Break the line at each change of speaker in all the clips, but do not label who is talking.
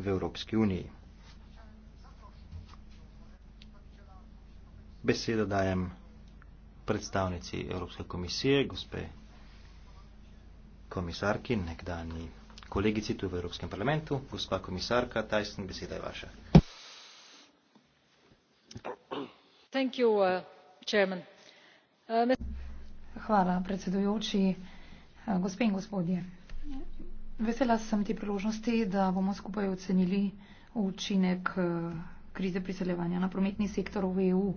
v Evropski uniji. Besedo dajem predstavnici Evropske komisije, gospe komisarki, nekdani kolegici tu v Evropskem parlamentu. Gospa komisarka Tyson, beseda je vaša.
Thank you, uh, uh Hvala, predsedujoči, uh, gospe in gospodje. Vesela sem te priložnosti, da bomo skupaj ocenili učinek eh, krize priseljevanja na prometni sektor v EU.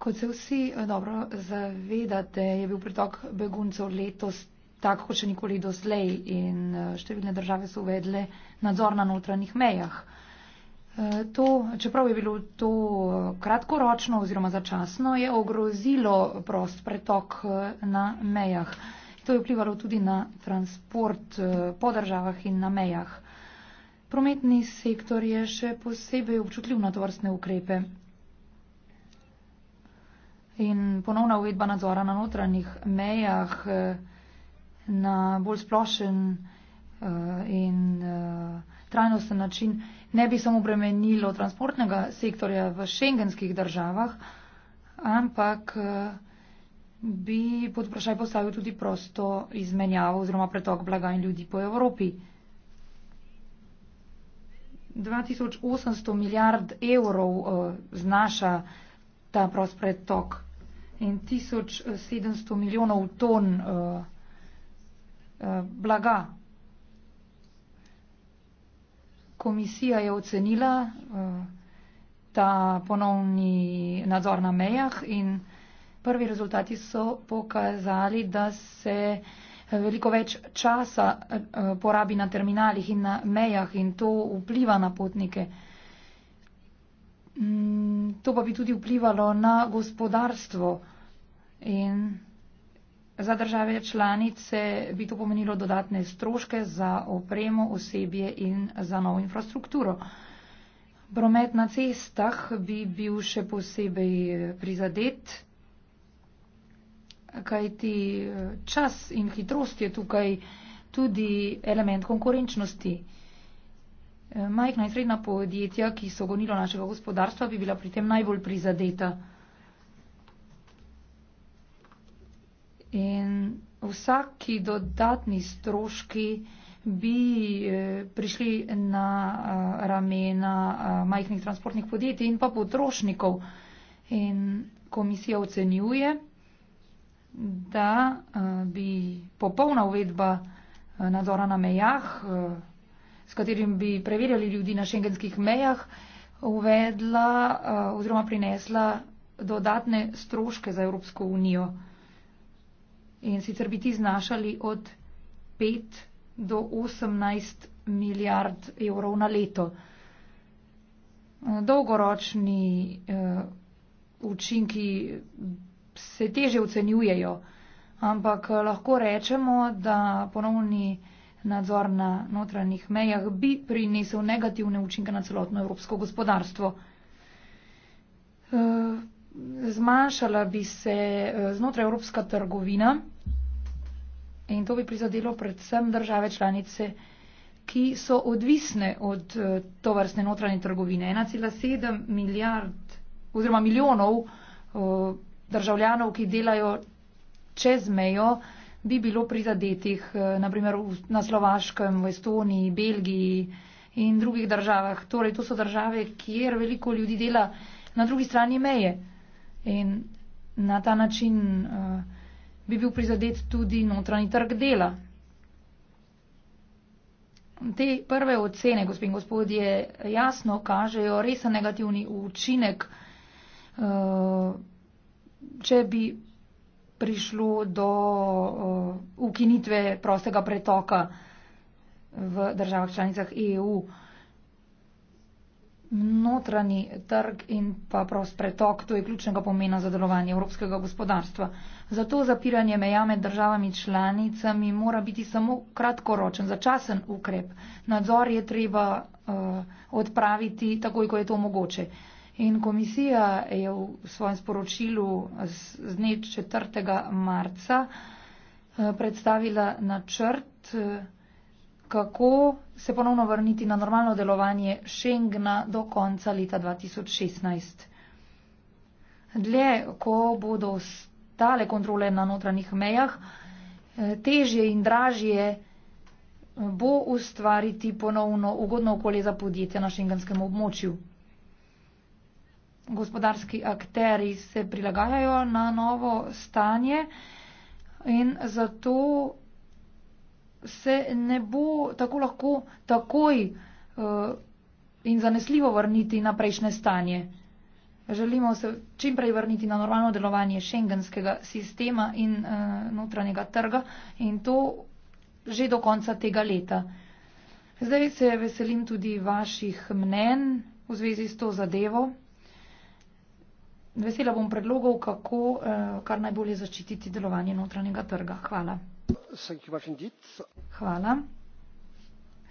Kot se vsi eh, dobro zavedate, je bil pritok beguncev letos tak, kot še nikoli doslej in eh, številne države so uvedle nadzor na notranjih mejah. To, čeprav je bilo to kratkoročno oziroma začasno, je ogrozilo prost pretok na mejah. To je vplivalo tudi na transport eh, po državah in na mejah. Prometni sektor je še posebej občutljiv na tovrstne ukrepe. In ponovna uvedba nadzora na notranjih mejah eh, na bolj splošen eh, in trajnosten način ne bi samo bremenilo transportnega sektorja v šengenskih državah, ampak bi pod vprašaj postavil tudi prosto izmenjavo oziroma pretok blaga in ljudi po Evropi. 2800 milijard evrov uh, znaša ta prost pretok in 1700 milijonov ton uh, uh, blaga. Komisija je ocenila uh, ta ponovni nadzor na mejah in prvi rezultati so pokazali, da se veliko več časa eh, porabi na terminalih in na mejah in to vpliva na potnike. Mm, to pa bi tudi vplivalo na gospodarstvo in za države članice bi to pomenilo dodatne stroške za opremo, osebje in za novo infrastrukturo. Promet na cestah bi bil še posebej prizadet kajti eh, čas in hitrost je tukaj tudi element konkurenčnosti. Eh, majhna in srednja podjetja, ki so gonilo našega gospodarstva, bi bila pri tem najbolj prizadeta. In vsaki dodatni stroški bi eh, prišli na ramena majhnih transportnih podjetij in pa potrošnikov. In komisija ocenjuje, da eh, bi popolna uvedba eh, nadzora na mejah, eh, s katerim bi preverjali ljudi na šengenskih mejah, uvedla oziroma prinesla dodatne stroške za Evropsko unijo. In sicer bi ti znašali od 5 do 18 milijard evrov na leto. Dolgoročni učinki se teže ocenjujejo. Ampak eh, lahko rečemo, da ponovni nadzor na notranjih mejah bi prinesel negativne učinke na celotno evropsko gospodarstvo. Eh, zmanjšala bi se eh, znotraj evropska trgovina in to bi prizadelo predvsem države članice, ki so odvisne od tovrstne notranje trgovine. 1,7 milijard oziroma milijonov državljanov, ki delajo čez mejo, bi bilo prizadetih, eh, naprimer na Slovaškem, v Estoniji, Belgiji in drugih državah. Torej, to so države, kjer veliko ljudi dela na drugi strani meje. In na ta način uh, bi bil prizadet tudi notranji trg dela. Te prve ocene, gospod in gospodje, jasno kažejo resen negativni učinek uh, če bi prišlo do uh, ukinitve prostega pretoka v državah članicah EU, notranji trg in pa prost pretok, to je ključnega pomena za delovanje evropskega gospodarstva. Zato zapiranje meja med državami članicami mora biti samo kratkoročen, začasen ukrep. Nadzor je treba uh, odpraviti takoj, ko je to mogoče. Uh, In komisija je v svojem sporočilu z dne 4. marca eh, predstavila načrt, eh, kako se ponovno vrniti na normalno delovanje Schengna do konca leta 2016. Dlje, ko bodo stale kontrole na notranjih mejah, eh, težje in dražje bo ustvariti ponovno ugodno okolje za podjetja na šengenskem območju gospodarski akteri se prilagajajo na novo stanje in zato se ne bo tako lahko takoj eh, in zanesljivo vrniti na prejšnje stanje. Želimo se čim prej vrniti na normalno delovanje šengenskega sistema in uh, notranjega trga in to že do konca tega leta. Zdaj se veselim tudi vaših mnen v zvezi s to zadevo. Vesela bom predlogov, kako eh, kar najbolje začititi delovanje notranjega trga. Hvala. Hvala.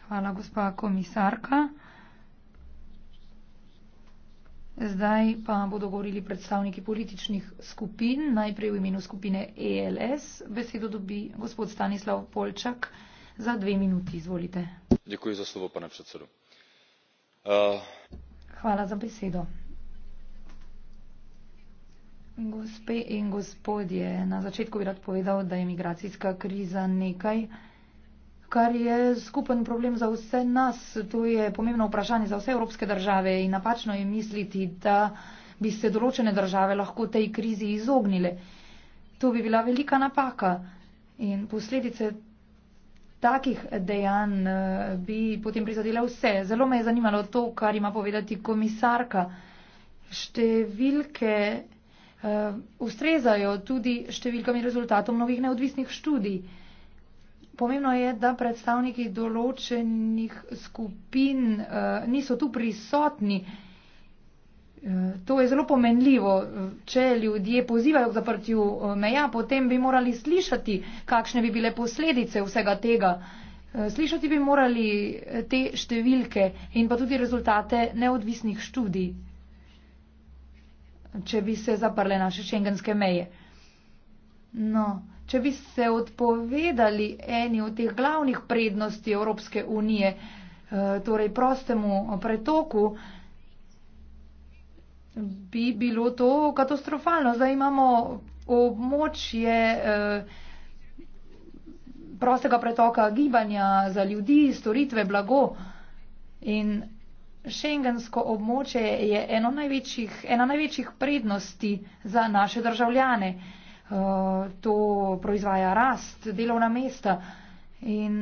Hvala, gospa komisarka. Zdaj pa bodo govorili predstavniki političnih skupin. Najprej v imenu skupine ELS besedo dobi gospod Stanislav Polčak za dve minuti. Izvolite. Za slovo, uh... Hvala za besedo. Gospe in gospodje, na začetku bi rad povedal, da je migracijska kriza nekaj, kar je skupen problem za vse nas. To je pomembno vprašanje za vse evropske države in napačno je misliti, da bi se določene države lahko tej krizi izognile. To bi bila velika napaka in posledice takih dejanj eh, bi potem prizadele vse. Zelo me je zanimalo to, kar ima povedati komisarka. Številke Eh, ustrezajo tudi številkam in rezultatom mnogih neodvisnih študij. Pomembno je, da predstavniki določenih skupin eh, niso tu prisotni. Eh, to je zelo pomenljivo. Če ljudje pozivajo k zaprtju meja, potem bi morali slišati, kakšne bi bile posledice vsega tega. Slišati bi morali te številke in pa tudi rezultate neodvisnih študij če bi se zaprle naše šengenske meje. No, če bi se odpovedali eni od teh glavnih prednosti Evropske unije, eh, torej prostemu pretoku, bi bilo to katastrofalno. Zdaj imamo območje eh, prostega pretoka gibanja za ljudi, storitve, blago in Šengensko območje je eno največjih, ena največjih prednosti za naše državljane. Uh, to proizvaja rast, delovna mesta in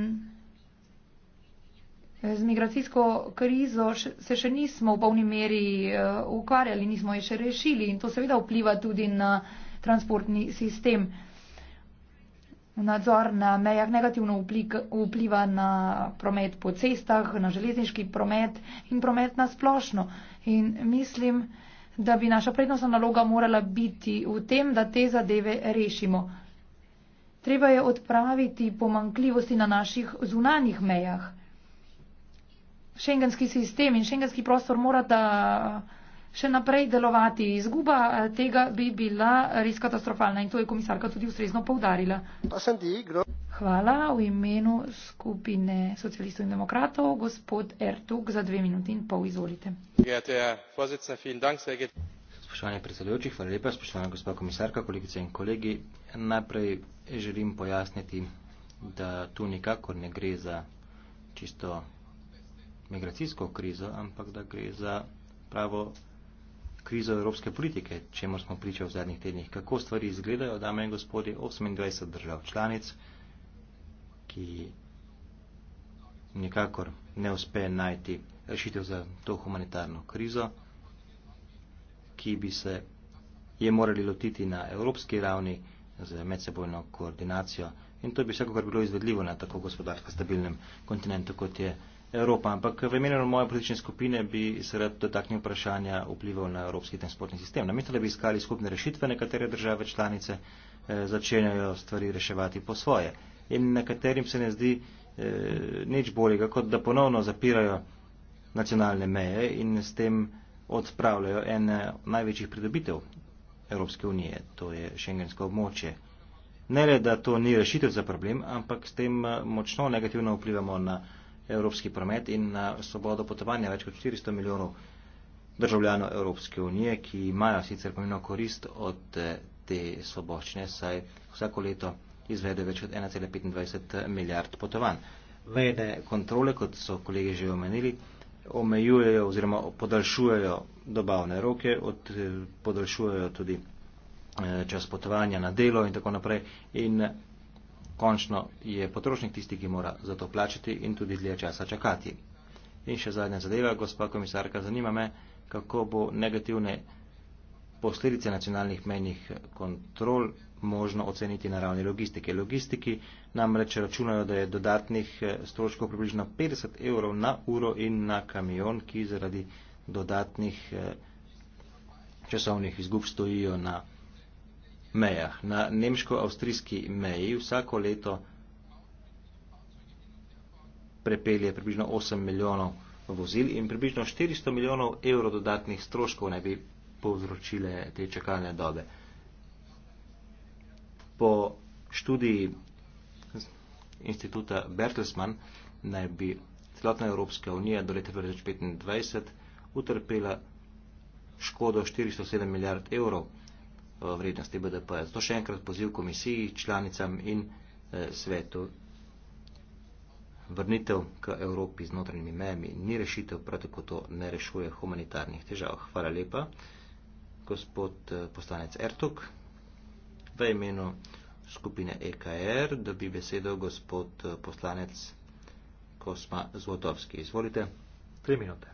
z migracijsko krizo se še nismo v polni meri uh, ukvarjali, nismo jo še rešili in to seveda vpliva tudi na transportni sistem. Uh, Nadzor na mejah negativno vpliva na promet po cestah, na železniški promet in promet na splošno. In mislim, da bi naša prednostna naloga morala biti v tem, da te zadeve rešimo. Treba je odpraviti pomankljivosti na naših zunanjih mejah. Šengenski sistem in šengenski prostor morata še naprej delovati. Izguba eh, tega bi bila res katastrofalna in to je komisarka tudi ustrezno povdarila. Hvala v imenu skupine socialistov in demokratov, gospod Ertug, za dve minuti in pol izvolite.
Spoštovani predsedujoči, hvala lepa, spoštovana gospa komisarka, kolegice in kolegi. Najprej želim pojasniti, da tu nikakor ne gre za čisto migracijsko krizo, ampak da gre za pravo krizo evropske politike, čemu smo pričali v zadnjih tednih, kako stvari izgledajo, dame in gospodje, 28 držav članic, ki nikakor ne uspe najti rešitev za to humanitarno krizo, ki bi se je morali lotiti na evropski ravni z medsebojno koordinacijo in to bi vsekakor bilo izvedljivo na tako gospodarsko stabilnem kontinentu, kot je. Evropa. Ampak v imenu moje politične skupine bi se rad dotaknil vprašanja vplival na evropski transportni sistem. Namesto, da bi iskali skupne rešitve, nekatere države članice eh, začenjajo stvari reševati po svoje. In nekaterim se ne zdi eh, nič boljega, kot da ponovno zapirajo nacionalne meje in s tem odpravljajo ene največjih pridobitev Evropske unije, to je šengensko območje. Ne le, da to ni rešitev za problem, ampak s tem eh, močno negativno vplivamo na evropski promet in na svobodo potovanja več kot 400 milijonov državljanov Evropske unije, ki imajo sicer pomembno korist od eh, te svoboščine, saj vsako leto izvede več od 1,25 eh, milijard potovanj. Vejne kontrole, kot so kolege že omenili, omejujejo oziroma podaljšujejo dobavne roke, od, eh, podaljšujejo tudi čas potovanja na delo in tako naprej. In končno je potrošnik tisti, ki mora za to plačati in tudi dlje časa čakati. In še zadnja zadeva, gospod komisarka, zanima me, kako bo negativne posledice nacionalnih menjih kontrol možno oceniti na ravni logistike. Logistiki namreč računajo, da je dodatnih eh, stroškov približno 50 evrov na uro in na kamion, ki zaradi dodatnih eh, časovnih izgub stojijo na mejah. Na nemško-avstrijski meji vsako leto prepelje približno 8 milijonov vozil in približno 400 milijonov evrov dodatnih stroškov naj bi povzročile te čakalne dobe. Po študiji inštituta Bertelsmann naj bi celotna Evropska unija do leta 2025 utrpela škodo 407 milijard evrov vrednosti BDP. Zato še enkrat poziv komisiji, članicam in eh, svetu. Vrnitev k Evropi z notranjimi mejami ni rešitev, prav tako to ne rešuje humanitarnih težav. Hvala lepa, gospod eh, poslanec Ertuk. V imenu skupine EKR dobi besedo gospod eh, poslanec Kosma Zvotovski. Izvolite. Tri minute.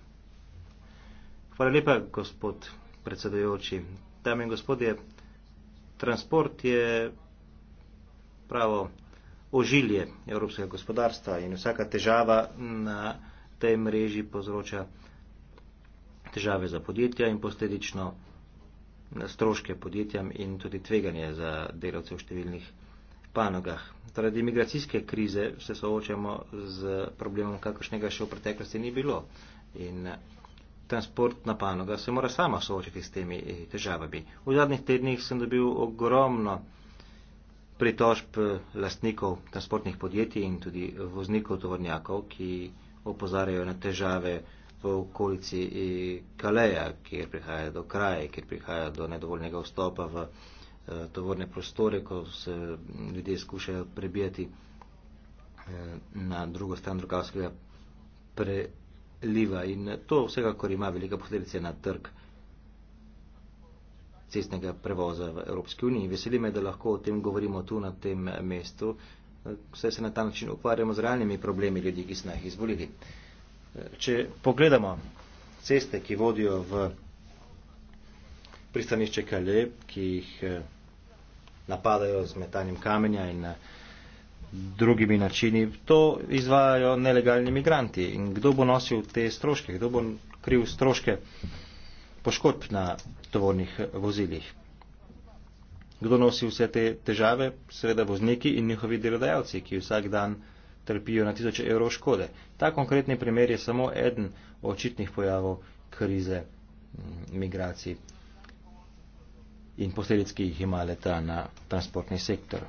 Hvala lepa, gospod predsedujoči. Dame in gospodje, transport je pravo ožilje evropskega gospodarstva in vsaka težava na tej mreži povzroča težave za podjetja in posledično stroške podjetjem in tudi tveganje za delavce v številnih panogah. Zaradi migracijske krize se soočamo z problemom, kakršnega še v preteklosti ni bilo. In transportna panoga se mora sama soočiti s temi eh, težavami. V zadnjih tednih sem dobil ogromno pritožb eh, lastnikov transportnih podjetij in tudi voznikov tovornjakov, ki opozarjajo na težave v okolici eh, Kaleja, kjer prihaja do kraja, kjer prihaja do nedovoljnega vstopa v tovorne prostore, ko se mm, ljudje skušajo prebijati na drugo stran drugavskega pre, liva in to vsekakor ima velika posledica na trg cestnega prevoza v Evropski uniji. Veseli me, da lahko o tem govorimo tu na tem mestu, saj se na ta način ukvarjamo z realnimi problemi ljudi, ki so nas izvolili. Če pogledamo ceste, ki vodijo v pristanišče Kale, ki jih eh, napadajo z metanjem kamenja in eh, drugimi načini. To izvajajo nelegalni migranti. In kdo bo nosil te stroške, kdo bo kriv stroške poškodb na tovornih vozilih? Kdo nosi vse te težave? Seveda vozniki in njihovi delodajalci, ki vsak dan trpijo na tisoče evrov škode. Ta konkretni primer je samo eden očitnih pojavov krize mm, migracij in posledic, ki jih ima leta na transportni sektor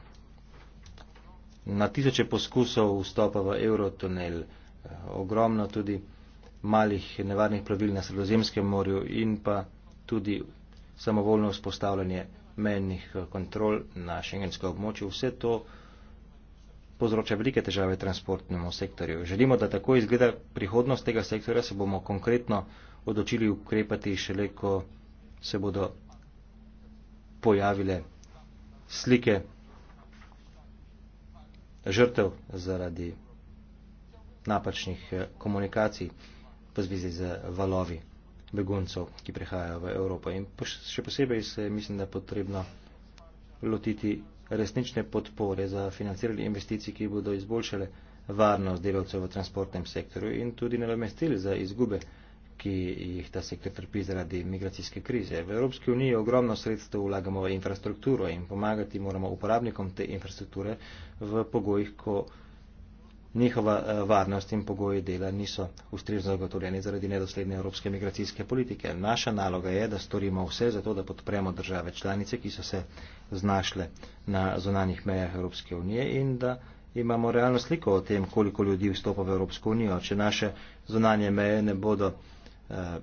na tisoče poskusov vstopa v eurotunel, eh, ogromno tudi malih nevarnih pravil na sredozemskem morju in pa tudi samovoljno vzpostavljanje menjnih eh, kontrol na šengenskem območju. Vse to povzroča velike težave transportnemu sektorju. Želimo, da tako izgleda prihodnost tega sektorja, se bomo konkretno odločili ukrepati šele, ko se bodo pojavile slike žrtev zaradi napačnih eh, komunikacij v zvezi z valovi beguncev, ki prihajajo v Evropo. In še posebej se mislim, da je potrebno lotiti resnične podpore za financiranje investicij, ki bodo izboljšale varnost delavcev v transportnem sektorju in tudi nadomestili za izgube ki jih ta sektor trpi zaradi migracijske krize. V Evropski uniji ogromno sredstev vlagamo v infrastrukturo in pomagati moramo uporabnikom te infrastrukture v pogojih, ko njihova eh, varnost in pogoji dela niso ustrezno zagotovljeni zaradi nedosledne evropske migracijske politike. Naša naloga je, da storimo vse za to, da podpremo države članice, ki so se znašle na zonanih mejah Evropske unije in da imamo realno sliko o tem, koliko ljudi vstopa v Evropsko unijo. Če naše zonanje meje ne bodo Eh,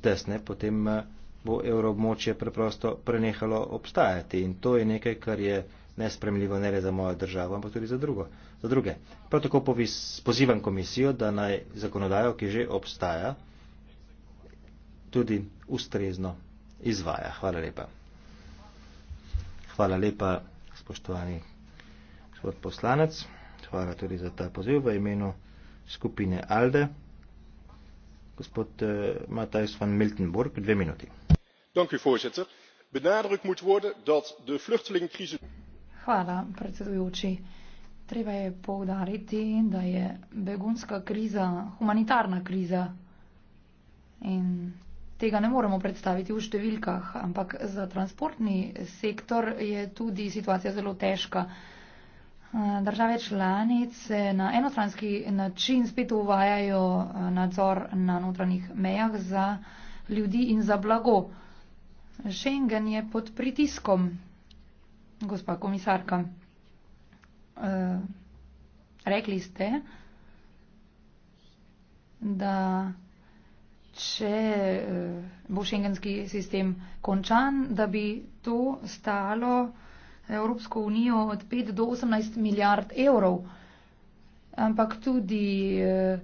tesne, potem eh, bo evroobmočje preprosto prenehalo obstajati. In to je nekaj, kar je nespremljivo ne le za mojo državo, ampak tudi za, drugo, za druge. Prav tako povis, pozivam komisijo, da naj zakonodajo, ki že obstaja, tudi ustrezno izvaja. Hvala lepa. Hvala lepa, spoštovani gospod poslanec. Hvala tudi za ta poziv v imenu skupine ALDE. Eh,
voorzitter benadrukt moet worden dat de vluchtelingencrisis.
predsedujoči treba je poudariti da je begunska kriza humanitarna kriza in tega ne moremo predstaviti v številkah ampak za transportni sektor je tudi situacija zelo težka. Države članice na enostranski način spet uvajajo eh, nadzor na notranjih mejah za ljudi in za blago. Schengen je pod pritiskom, gospa komisarka. Eh, rekli ste, da če eh, bo šengenski sistem končan, da bi to stalo Evropsko unijo od 5 do 18 milijard evrov, ampak tudi eh,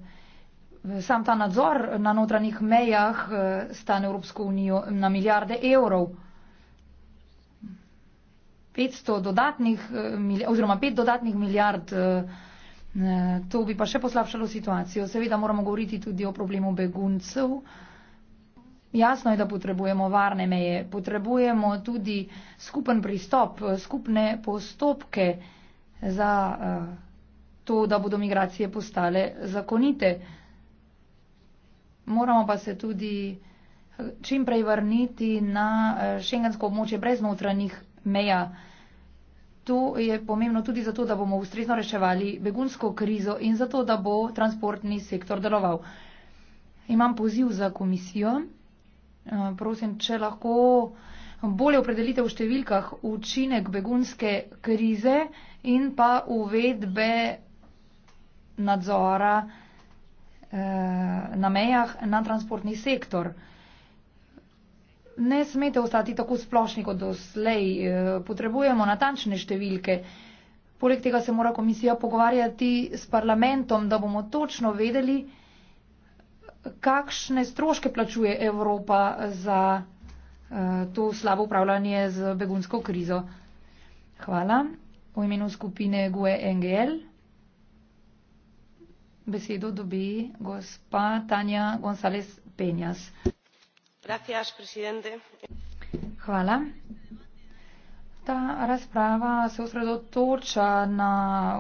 sam ta nadzor na notranjih mejah eh, stane Evropsko unijo na milijarde evrov. 500 dodatnih, eh, oziroma 5 dodatnih milijard, eh, eh, to bi pa še poslabšalo situacijo. Seveda moramo govoriti tudi o problemu beguncev. Jasno je, da potrebujemo varne meje, potrebujemo tudi skupen pristop, skupne postopke za eh, to, da bodo migracije postale zakonite. Moramo pa se tudi eh, čim prej vrniti na eh, šengensko območje brez notranjih meja. To je pomembno tudi zato, da bomo ustrezno reševali begunsko krizo in zato, da bo transportni sektor deloval. Imam poziv za komisijo. Eh, prosim, če lahko bolje opredelite v številkah učinek begunske krize in pa uvedbe nadzora eh, na mejah na transportni sektor. Ne smete ostati tako splošni kot doslej. Eh, potrebujemo natančne številke. Poleg tega se mora komisija pogovarjati s parlamentom, da bomo točno vedeli, kakšne stroške plačuje Evropa za eh, to slabo upravljanje z begunsko krizo. Hvala. V imenu skupine GUE NGL besedo dobi gospa Tanja González Penjas. Hvala. Ta razprava se osredotoča na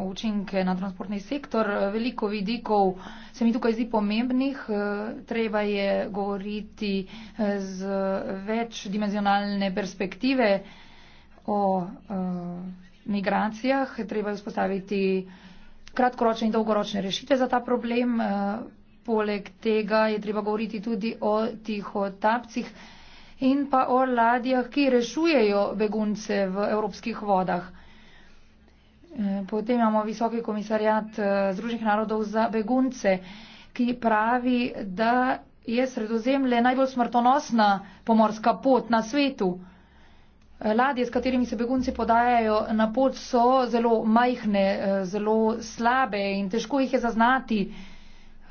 učinke na transportni sektor. Veliko vidikov se mi tukaj zdi pomembnih. Treba je govoriti eh, z večdimenzionalne perspektive o eh, migracijah. Treba je vzpostaviti kratkoročne in dolgoročne rešitve za ta problem. Eh, poleg tega je treba govoriti tudi o tih otapcih in pa o ladjah, ki rešujejo begunce v evropskih vodah. Eh, potem imamo visoki komisarjat eh, Združenih narodov za begunce, ki pravi, da je sredozemlje najbolj smrtonosna pomorska pot na svetu. Eh, ladje, s katerimi se begunci podajajo na pot, so zelo majhne, zelo slabe in težko jih je zaznati.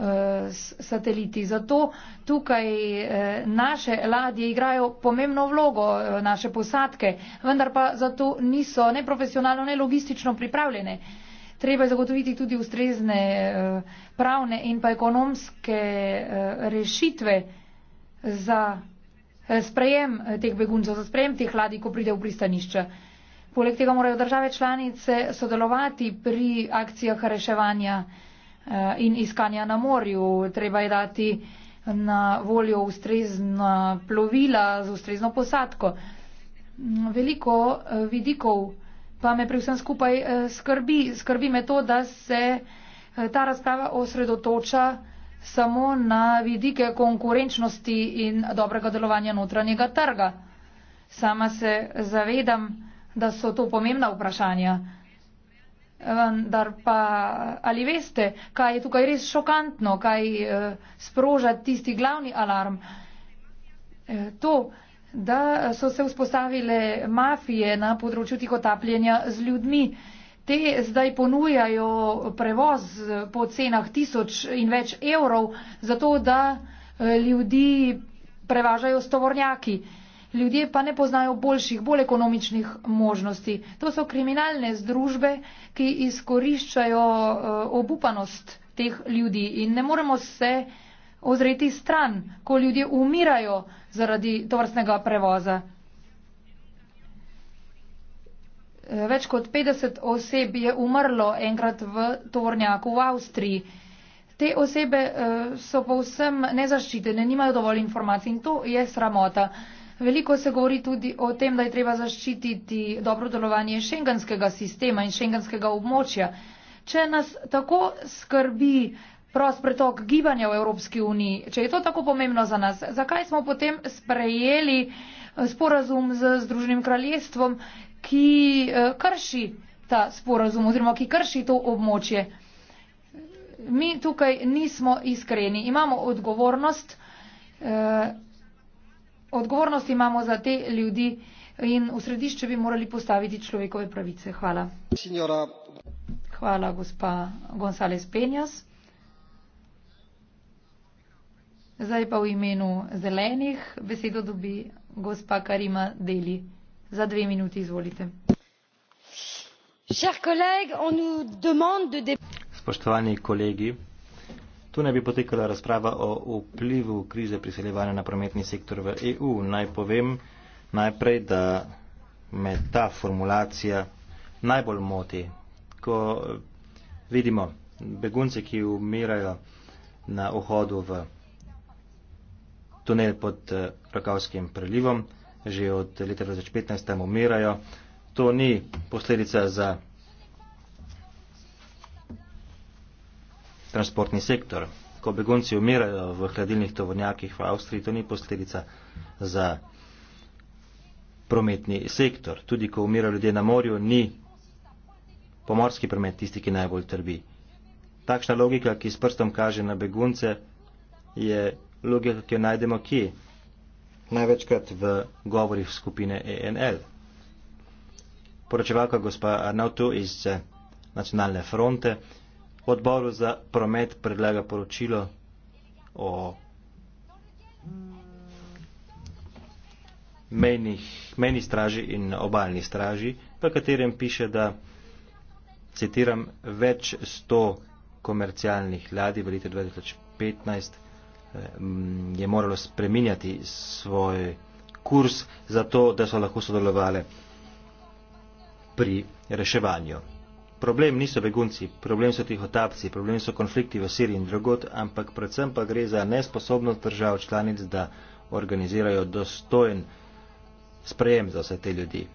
Eh, s sateliti. Zato tukaj eh, naše ladje igrajo pomembno vlogo, eh, naše posadke, vendar pa zato niso ne profesionalno, ne logistično pripravljene. Treba je zagotoviti tudi ustrezne pravne in pa ekonomske rešitve za sprejem teh beguncev, za sprejem teh ladij, ko pride v pristanišča. Poleg tega morajo države članice sodelovati pri akcijah reševanja Eh, in iskanja na morju. Treba je dati na voljo ustrezna plovila z ustrezno posadko. Veliko eh, vidikov pa me pri vsem skupaj eh, skrbi. Skrbi me to, da se ta razprava osredotoča samo na vidike konkurenčnosti in dobrega delovanja notranjega trga. Sama se zavedam, da so to pomembna vprašanja vendar pa ali veste, kaj je tukaj res šokantno, kaj eh, sproža tisti glavni alarm? Eh, to, da so se vzpostavile mafije na področju tihotapljenja z ljudmi. Te zdaj ponujajo prevoz eh, po cenah tisoč in več evrov, zato da ljudi prevažajo s tovornjaki ljudje pa ne poznajo boljših, bolj ekonomičnih možnosti. To so kriminalne združbe, ki izkoriščajo eh, obupanost teh ljudi in ne moremo se ozreti stran, ko ljudje umirajo zaradi tovrstnega prevoza. Eh, več kot 50 oseb je umrlo enkrat v tovornjaku v Avstriji. Te osebe eh, so povsem nezaščitene, nimajo dovolj informacij in to je sramota. Veliko se govori tudi o tem, da je treba zaščititi dobro delovanje šengenskega sistema in šengenskega območja. Če nas tako skrbi prost pretok gibanja v Evropski uniji, če je to tako pomembno za nas, zakaj smo potem sprejeli eh, sporazum z Združenim kraljestvom, ki eh, krši ta sporazum oziroma ki krši to območje? Mi tukaj nismo iskreni. Imamo odgovornost. Eh, odgovornost imamo za te ljudi in v središče bi morali postaviti človekove pravice. Hvala. Signora. Hvala, gospa González Penjas. Zdaj pa v imenu zelenih besedo dobi gospa Karima Deli. Za dve minuti izvolite. Chers collègues, on nous demande de...
Spoštovani kolegi, Tu naj bi potekala razprava o vplivu krize priseljevanja na prometni sektor v EU. Naj povem najprej, da me ta formulacija najbolj moti, ko vidimo begunce, ki umirajo na vhodu v tunel pod eh, Rakavskim prelivom, že od leta 2015 tam umirajo. To ni posledica za transportni sektor. Ko begunci umirajo v hladilnih tovornjakih v Avstriji, to ni posledica za prometni sektor. Tudi ko umirajo ljudje na morju, ni pomorski promet tisti, ki najbolj trbi. Takšna logika, ki s prstom kaže na begunce, je logika, ki jo najdemo kje? Največkrat v govorih skupine ENL. Poročevalka gospa Arnautu iz eh, nacionalne fronte odboru za promet predlaga poročilo o mejnih, mejni straži in obaljni straži, v katerem piše, da citiram, več sto komercialnih ladij v letu 2015 eh, je moralo spreminjati svoj kurs, zato da so lahko sodelovali pri reševanju problem niso begunci, problem so tihotapci, problem so konflikti v Siriji in drugot, ampak predvsem pa gre za nesposobnost držav članic, da organizirajo dostojen sprejem za vse te ljudi.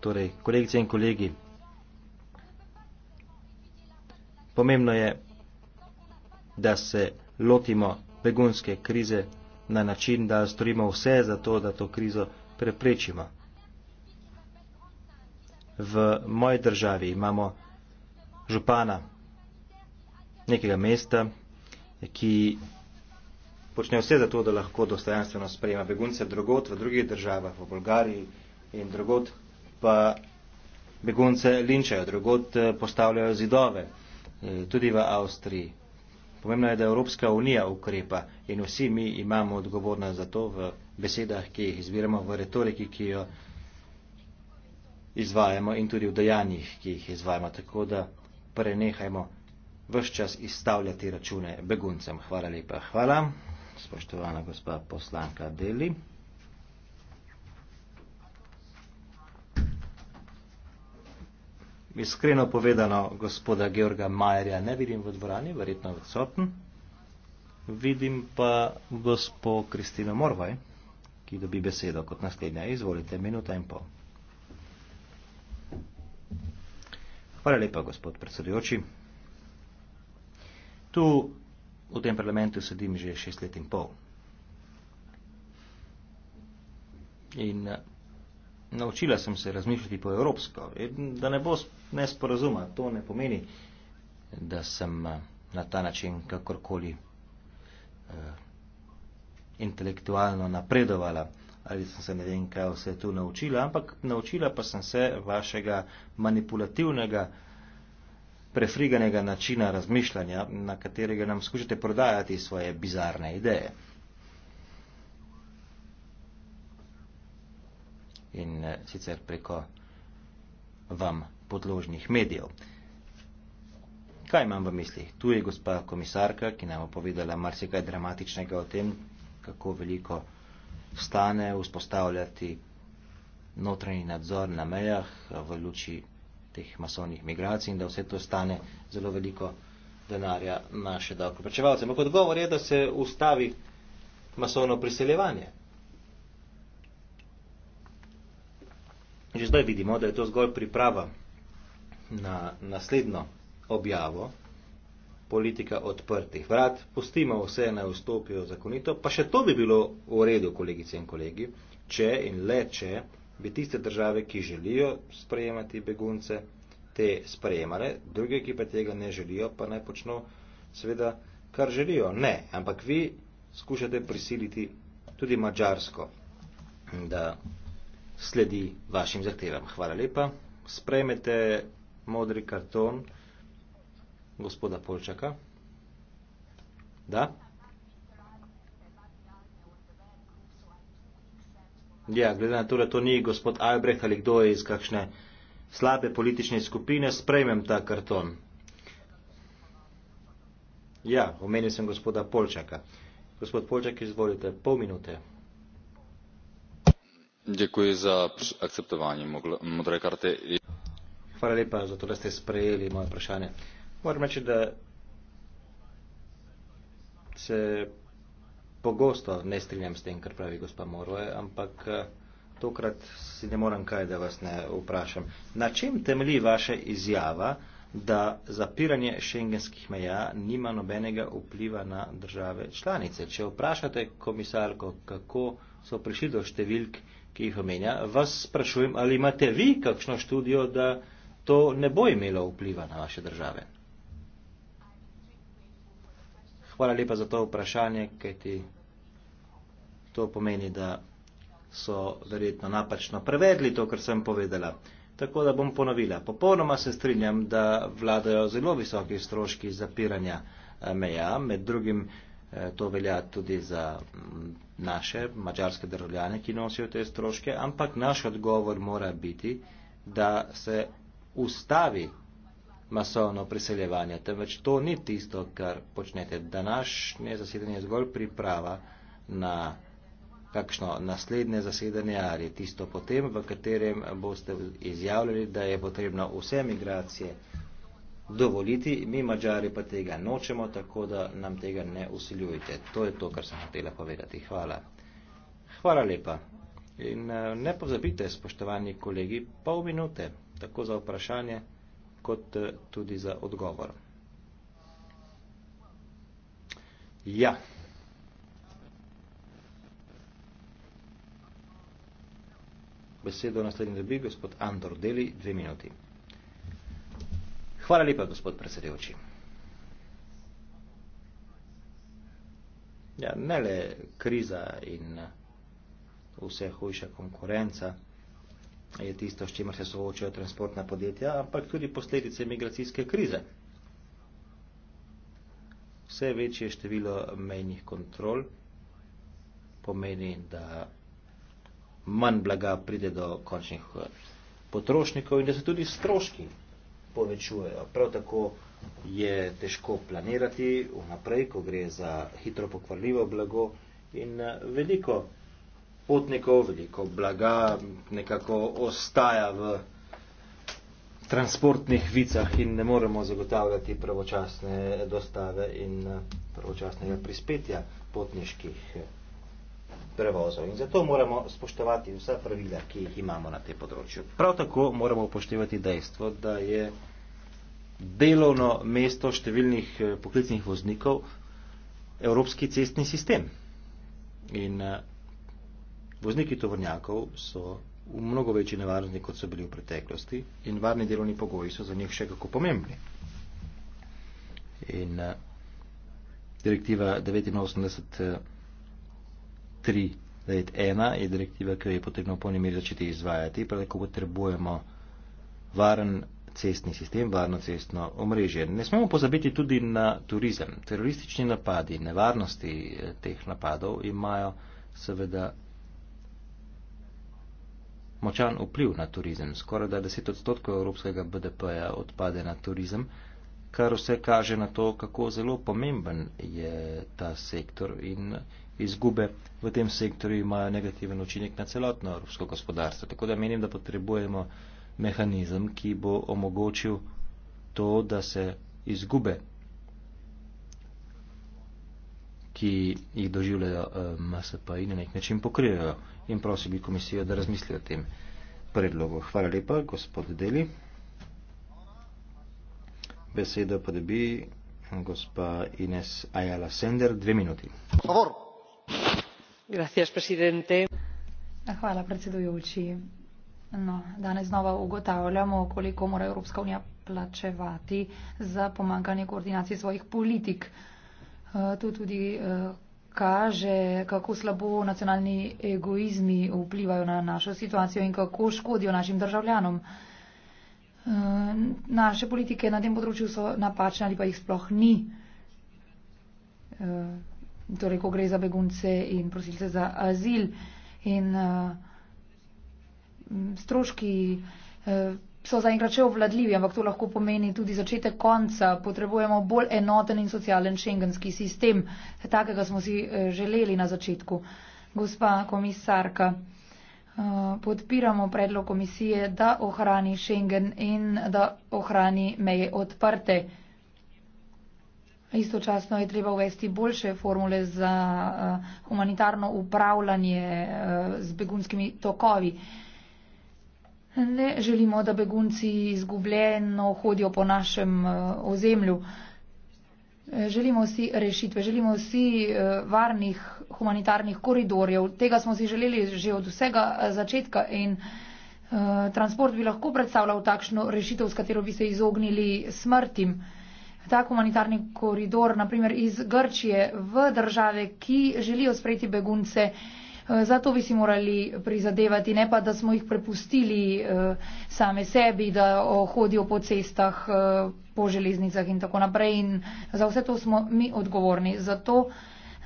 Torej, kolegice in kolegi, pomembno je, da se lotimo begunske krize na način, da storimo vse za to, da to krizo preprečimo. V moji državi imamo župana nekega mesta, ki počne vse za to, da lahko dostojanstveno sprejema begunce drugot v drugih državah, v Bolgariji in drugot pa begunce linčajo, drugot eh, postavljajo zidove, eh, tudi v Avstriji. Pomembno je, da Evropska unija ukrepa in vsi mi imamo odgovornost za to v besedah, ki jih izbiramo, v retoriki, ki jo izvajamo in tudi v dejanjih, ki jih izvajamo. Tako da prenehajmo vse čas izstavljati račune beguncem. Hvala lepa. Hvala, spoštovana gospa poslanka Deli. Iskreno povedano, gospoda Georga Majerja ne vidim v dvorani, verjetno odsoten. Vidim pa gospo Kristino Morvaj, ki dobi besedo kot naslednja. Izvolite, minuta in pol. Hvala lepa, gospod predsedujoči. Tu v tem parlamentu sedim že šest let in pol. In eh, naučila sem se razmišljati po evropsko. Da ne bo nesporazuma, to ne pomeni, da sem eh, na ta način kakorkoli uh, intelektualno napredovala ali sem se ne vem, kaj vse tu naučila, ampak naučila pa sem se vašega manipulativnega, prefriganega načina razmišljanja, na katerega nam skušate prodajati svoje bizarne ideje. In eh, sicer preko vam podložnih medijev. Kaj imam v mislih? Tu je gospa komisarka, ki nam je povedala marsikaj dramatičnega o tem, kako veliko stane vzpostavljati notranji nadzor na mejah v luči teh masovnih migracij in da vse to stane zelo veliko denarja naše davkoplačevalce. Ampak odgovor je, da se ustavi masovno priseljevanje. Že zdaj vidimo, da je to zgolj priprava na naslednjo objavo politika odprtih vrat, pustimo vse na vstopijo zakonito, pa še to bi bilo v redu, kolegice in kolegi, če in le če bi tiste države, ki želijo sprejemati begunce, te sprejemale, druge, ki pa tega ne želijo, pa naj počno seveda, kar želijo. Ne, ampak vi skušate prisiliti tudi Mačarsko, da sledi vašim zahtevam. Hvala lepa. Sprejmete modri karton gospoda Polčaka. Da? Ja, glede na to, da to ni gospod Albrecht ali kdo je iz kakšne slabe politične skupine, sprejmem ta karton. Ja, omenil sem gospoda Polčaka. Gospod Polčak, izvolite, pol minute.
Děkuji za
akceptovanje modre karte. Hvala lepa za to, da ste sprejeli moje vprašanje. Moram reči, da se pogosto ne strinjam s tem, kar pravi gospa Moroje, ampak eh, tokrat si ne moram kaj, da vas ne vprašam. Na čem temelji vaša izjava, da zapiranje šengenskih meja nima nobenega vpliva na države članice? Če vprašate komisarko, kako so prišli do številk, ki jih omenja, vas sprašujem, ali imate vi kakšno študijo, da to ne bo imelo vpliva na vaše države? Hvala lepa za to vprašanje, kajti to pomeni, da so verjetno napačno prevedli to, kar sem povedala. Tako da bom ponovila. Popolnoma se strinjam, da vladajo zelo visoki stroški zapiranja eh, meja. Med drugim eh, to velja tudi za mm, naše mačarske državljane, ki nosijo te stroške, ampak naš odgovor mora biti, da se ustavi masovno priseljevanje, temveč to ni tisto, kar počnete. Današnje zasedanje je zgolj priprava na kakšno naslednje zasedanje ali tisto potem, v katerem boste izjavljali, da je potrebno vse migracije dovoliti, mi mađari pa tega nočemo, tako da nam tega ne usiljujete. To je to, kar sem hotela povedati. Hvala. Hvala lepa. In eh, ne pozabite, spoštovani kolegi, pol minute, tako za vprašanje kot eh, tudi za odgovor. Ja. Besedo naslednji dobi gospod Andor Deli, dve minuti. Hvala lepa, gospod predsedujoči. Ja, ne le kriza in eh, vse hujša konkurenca, je tisto, s čimer se soočajo transportna podjetja, ampak tudi posledice migracijske krize. Vse večje število mejnih kontrol pomeni, da manj blaga pride do končnih potrošnikov in da se tudi stroški povečujejo. Prav tako je težko planirati vnaprej, ko gre za hitro pokvarljivo blago in veliko potnikov, veliko blaga nekako ostaja v transportnih vicah in ne moremo zagotavljati pravočasne dostave in eh, pravočasnega prispetja potniških eh, prevozov. In zato moramo spoštovati vsa pravila, ki jih imamo na tem področju. Prav tako moramo upoštevati dejstvo, da je delovno mesto številnih eh, poklicnih voznikov evropski cestni sistem. In Vozniki tovornjakov so v mnogo večji nevarnosti, kot so bili v preteklosti in varni delovni pogoji so za njih še kako pomembni. In eh, direktiva 89.3.1 eh, je direktiva, ki jo je potrebno v polni meri začeti izvajati, prav tako potrebujemo varen cestni sistem, varno cestno omrežje. Ne smemo pozabiti tudi na turizem. Teroristični napadi, nevarnosti eh, teh napadov imajo seveda močan vpliv na turizem. Skoraj da 10 odstotkov evropskega BDP-ja odpade na turizem, kar vse kaže na to, kako zelo pomemben je ta sektor in izgube v tem sektorju imajo negativen učinek na celotno evropsko gospodarstvo. Tako da menim, da potrebujemo mehanizem, ki bo omogočil to, da se izgube, ki jih doživljajo eh, MSP in na nek način pokrijejo in prosil bi komisijo, da razmisli o tem predlogu. Hvala lepa, gospod Deli. Besedo pa dobi gospa Ines Ayala Sender, dve minuti.
Ja, hvala, predsedujoči. No, danes znova ugotavljamo, koliko mora Evropska unija plačevati za pomankanje koordinacije svojih politik. Uh, to tudi uh, kaže, kako slabo nacionalni egoizmi vplivajo na našo situacijo in kako škodijo našim državljanom. Eh, naše politike na tem področju so napačne ali pa jih sploh ni. Eh, torej, ko gre za begunce in prosilce za azil in eh, stroški so zaenkrat še obvladljivi, ampak to lahko pomeni tudi začetek konca. Potrebujemo bolj enoten in socialen šengenski sistem, takega smo si eh, želeli na začetku. Gospa komisarka, eh, podpiramo predlog komisije, da ohrani šengen in da ohrani meje odprte. Istočasno je treba uvesti boljše formule za eh, humanitarno upravljanje z begunskimi tokovi ne želimo, da begunci izgubljeno hodijo po našem eh, ozemlju. Želimo si rešitve, želimo si eh, varnih humanitarnih koridorjev. Tega smo si želeli že od vsega eh, začetka in transport bi lahko predstavljal takšno rešitev, s katero bi se izognili smrtim. Tak humanitarni koridor, naprimer iz Grčije v države, ki želijo sprejeti begunce, Za to bi si morali prizadevati, ne pa, da smo jih prepustili eh, same sebi, da hodijo po cestah, eh, po železnicah in tako naprej. In za vse to smo mi odgovorni. Zato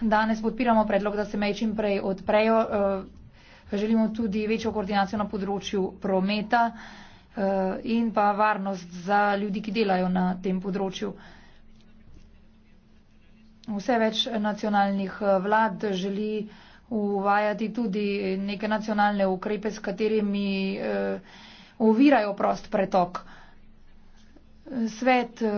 danes podpiramo predlog, da se meje čim prej odprejo. Eh, želimo tudi večjo koordinacijo na področju prometa in pa varnost za ljudi, ki delajo na tem področju. Vse več nacionalnih vlad želi uvajati tudi neke nacionalne ukrepe, s katerimi eh, ovirajo prost pretok. Svet eh,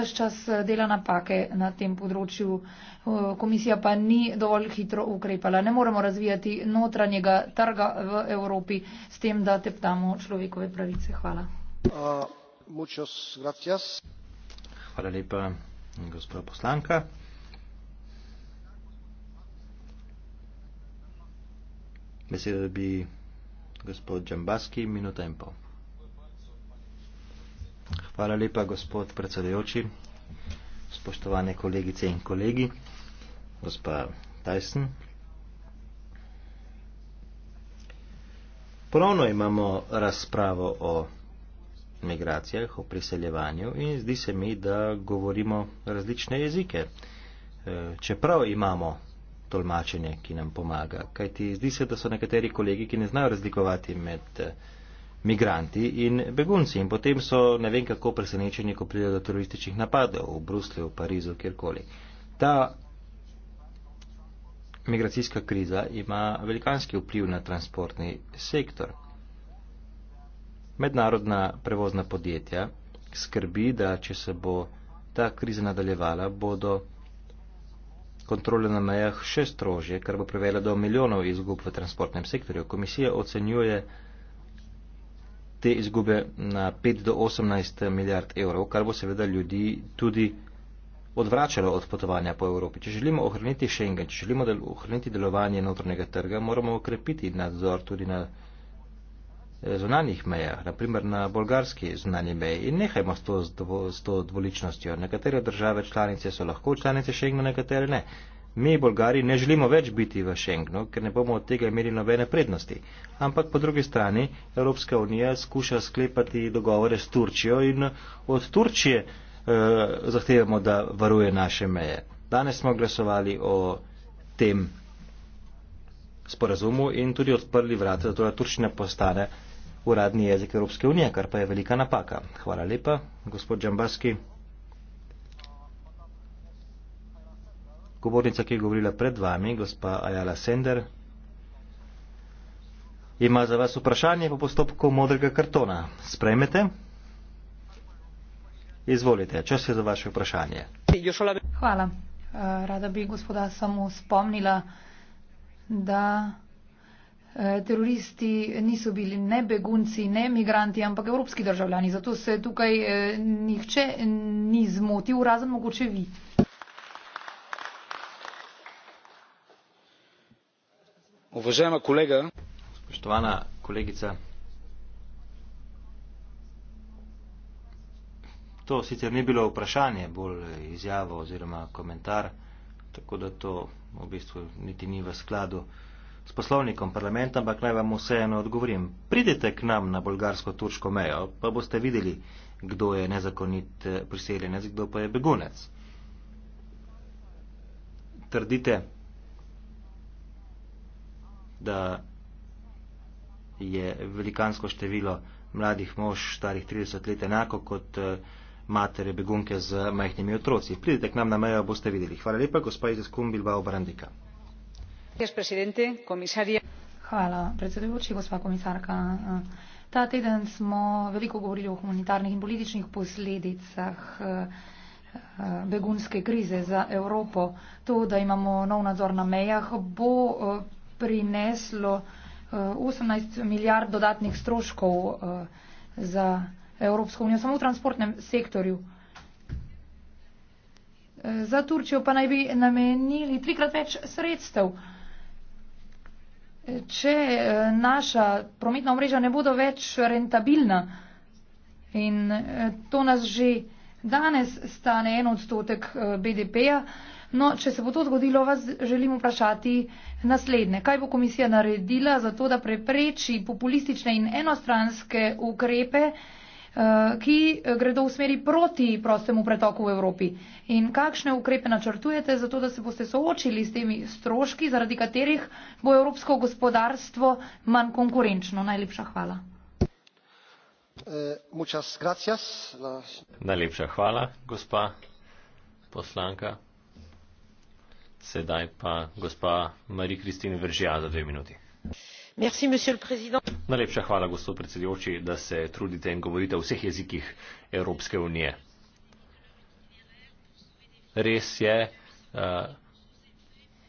vse čas dela napake na tem področju, eh, komisija pa ni dovolj hitro ukrepala. Ne moremo razvijati notranjega trga v Evropi s tem, da teptamo človekove pravice. Hvala.
Uh, Hvala lepa, gospod poslanka. Besedo dobi gospod Džambaski, minuta in pol. Hvala lepa, gospod predsedujoči, spoštovane kolegice in kolegi, gospa Tyson. Ponovno imamo razpravo o migracijah, o priseljevanju in zdi se mi, da govorimo različne jezike. Eh, čeprav imamo tolmačenje, ki nam pomaga. Kaj ti zdi se, da so nekateri kolegi, ki ne znajo razlikovati med eh, migranti in begunci in potem so ne vem kako presenečeni, ko pride do terorističnih napadov v Bruslju, v Parizu, kjerkoli. Ta migracijska kriza ima velikanski vpliv na transportni sektor. Mednarodna prevozna podjetja skrbi, da če se bo ta kriza nadaljevala, bodo kontrole na mejah še strožje, kar bo privele do milijonov izgub v transportnem sektorju. Komisija ocenjuje te izgube na 5 do 18 milijard evrov, kar bo seveda ljudi tudi odvračalo od potovanja po Evropi. Če želimo ohraniti Schengen, če želimo del ohraniti delovanje notranjega trga, moramo okrepiti nadzor tudi na zunanjih mejah, naprimer na bolgarski zunanji meji. In nehajmo s to, s to dvoličnostjo. Nekatere države članice so lahko članice Schengna, nekatere ne. Mi, Bolgari, ne želimo več biti v Schengnu, ker ne bomo od tega imeli nobene prednosti. Ampak po drugi strani Evropska unija skuša sklepati dogovore s Turčijo in od Turčije eh, zahtevamo, da varuje naše meje. Danes smo glasovali o tem sporazumu in tudi odprli vrate, da torej Turčina postane eh, uradni jezik Evropske unije, kar pa je velika napaka. Hvala lepa, gospod Džambaski. Govornica, ki je govorila pred vami, gospa Ajala Sender, ima za vas vprašanje po postopku modrega kartona. Sprejmete? Izvolite, čas je za vaše vprašanje.
Hvala. Eh, rada bi gospoda samo spomnila, da Eh, teroristi niso bili ne begunci, ne migranti, ampak evropski državljani. Zato se tukaj eh, nihče ni zmotil, razen mogoče vi.
Uvažena kolega. Spoštovana kolegica. To sicer ni bilo vprašanje, bolj izjavo oziroma komentar, tako da to v bistvu niti ni v skladu s poslovnikom parlamenta, ampak naj vam vseeno odgovorim. Pridite k nam na bolgarsko-turško mejo, pa boste videli, kdo je nezakonit eh, priseljenec, kdo pa je begunec. Trdite, da je velikansko število mladih mož starih 30 let enako kot eh, matere begunke z majhnimi otroci. Pridite k nam na mejo, boste videli. Hvala lepa, gospod Izeskum Bilbao Brandika
gospa predsednica ta teden smo veliko govorili o humanitarnih in političnih posledicah eh, begunske krize za evropo. to da imamo nov nadzor na mejah bo eh, prineslo eh, osemnajst milijard dodatnih stroškov za evropsko unijo samo v transportnem sektorju. za turčijo pa naj bi namenili trikrat več sredstev. Če eh, naša prometna omrežja ne bodo več rentabilna in eh, to nas že danes stane en odstotek eh, BDP-ja, no, če se bo to zgodilo, vas želim vprašati naslednje. Kaj bo komisija naredila za to, da prepreči populistične in enostranske ukrepe? Eh, ki eh, gredo v smeri proti prostemu pretoku v Evropi. In kakšne ukrepe načrtujete za to, da se boste soočili s temi stroški, zaradi katerih bo evropsko gospodarstvo manj konkurenčno? Najlepša hvala.
Eh,
Najlepša hvala, gospa poslanka. Sedaj pa gospa Marie-Christine Veržija za dve minuti najlepša hvala gospod predsedujoči da se trudite in govorite v vseh jezikih evropske unije. res je eh,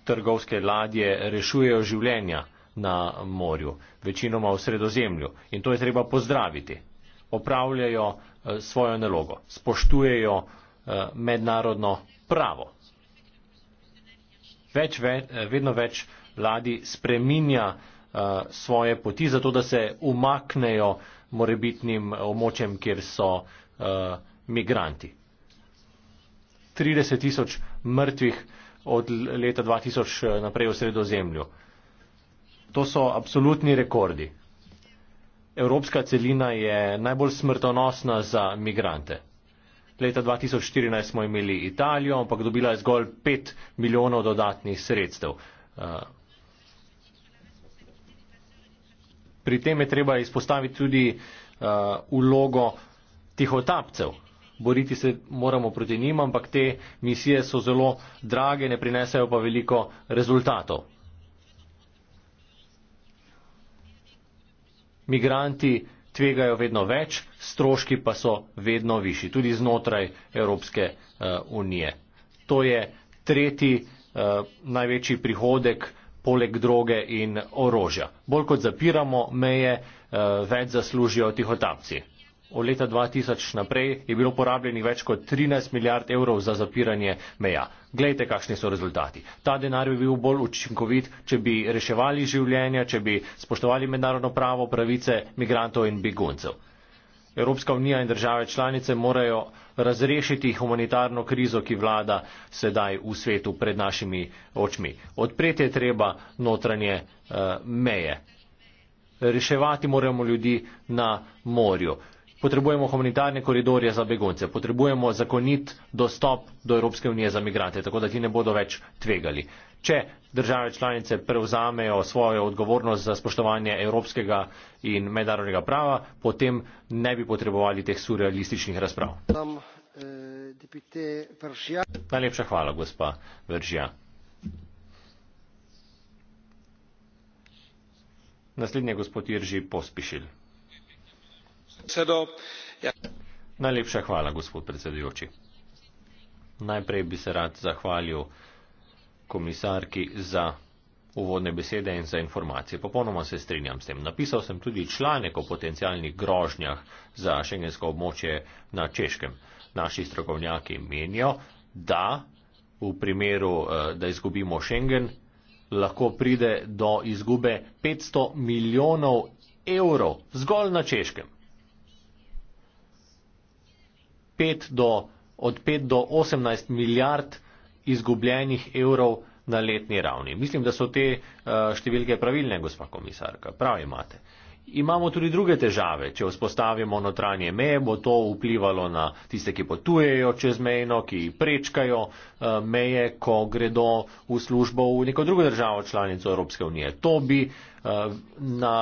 trgovske ladje rešujejo življenja na morju večinoma v sredozemlju in to je treba pozdraviti opravljajo eh, svojo nalogo spoštujejo eh, mednarodno pravo več, vedno več ladi spreminja Eh, svoje poti, zato da se umaknejo morebitnim območjem, kjer so uh, migranti. 30 tisoč mrtvih od leta 2000 eh, naprej v sredozemlju. To so absolutni rekordi. Evropska celina je najbolj smrtonosna za migrante. Leta 2014 smo imeli Italijo, ampak dobila je zgolj 5 milijonov dodatnih sredstev. Uh, pri tem je treba izpostaviti tudi uh, ulogo tihotapcev. Boriti se moramo proti njim, ampak te misije so zelo drage, ne prinesajo pa veliko rezultatov. Migranti tvegajo vedno več, stroški pa so vedno višji, tudi znotraj Evropske uh, unije. To je tretji uh, največji prihodek uh, poleg droge in orožja. Bolj kot zapiramo meje, eh, več zaslužijo tihotapci. Od leta 2000 naprej je bilo porabljenih več kot 13 milijard evrov za zapiranje meja. Glejte, kakšni so rezultati. Ta denar bi bil bolj učinkovit, če bi reševali življenja, če bi spoštovali mednarodno pravo, pravice migrantov in beguncev. Evropska unija in države članice morajo razrešiti humanitarno krizo, ki vlada sedaj v svetu pred našimi očmi. Odpreti je treba notranje uh, meje. Reševati moramo ljudi na morju. Potrebujemo humanitarne koridorje za begunce, potrebujemo zakonit dostop do Evropske unije za migrante, tako da ti ne bodo več tvegali če države članice prevzamejo svojo odgovornost za spoštovanje evropskega in mednarodnega prava, potem ne bi potrebovali teh surrealističnih razprav. Eh, Najlepša hvala, gospa Veržija. Naslednji je gospod Irži Pospišil. Ja. Najlepša hvala, gospod predsedujoči. Najprej bi se rad zahvalil komisarki za uvodne besede in za informacije. Popolnoma se strinjam s tem. Napisal sem tudi članek o potencijalnih grožnjah za šengensko območje na Češkem. Naši strokovnjaki menijo, da v primeru, eh, da izgubimo šengen, lahko pride do izgube 500 milijonov evrov zgolj na Češkem. Pet do, od 5 do 18 milijard evrov izgubljenih evrov na letni ravni. Mislim, da so te eh, številke pravilne, gospa komisarka. Prav imate. Imamo tudi druge težave. Če vzpostavimo notranje meje, bo to vplivalo na tiste, ki potujejo čezmejno, ki prečkajo eh, meje, ko gredo v službo v neko drugo državo članico Evropske unije. To bi eh, na,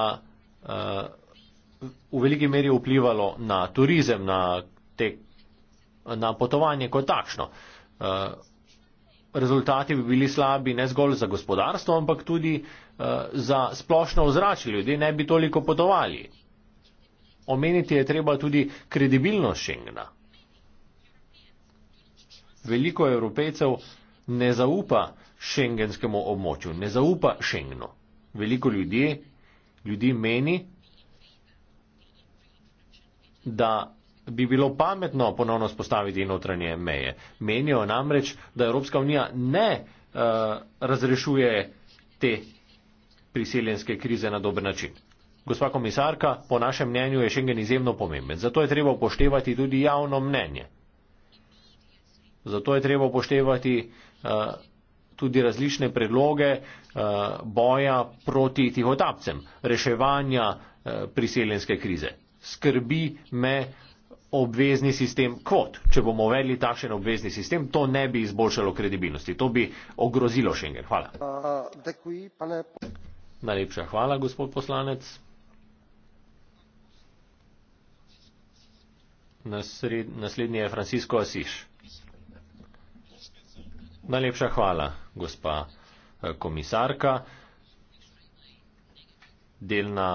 v veliki meri vplivalo na turizem, na, te, na potovanje kot takšno rezultati bi bili slabi ne zgolj za gospodarstvo, ampak tudi uh, za splošno ozračje. Ljudje ne bi toliko potovali. Omeniti je treba tudi kredibilnost Schengena. Veliko evropejcev ne zaupa šengenskemu območju, ne zaupa Schengenu. Veliko ljudi, ljudi meni, da bi bilo pametno ponovno spostaviti notranje meje. Menijo namreč, da Evropska unija ne uh, razrešuje te priseljenske krize na dober način. Gospa komisarka, po našem mnenju je Schengen izjemno pomemben. Zato je treba upoštevati tudi javno mnenje. Zato je treba upoštevati uh, tudi različne predloge uh, boja proti tihotapcem, reševanja uh, priseljenske krize. Skrbi me, obvezni sistem kvot. Če bomo uvedli takšen obvezni sistem, to ne bi izboljšalo kredibilnosti, to bi ogrozilo Schengen. Hvala. Najlepša hvala, gospod poslanec. Nasred, naslednji je Francisco Asiš. Najlepša hvala, gospa eh, komisarka. Delna.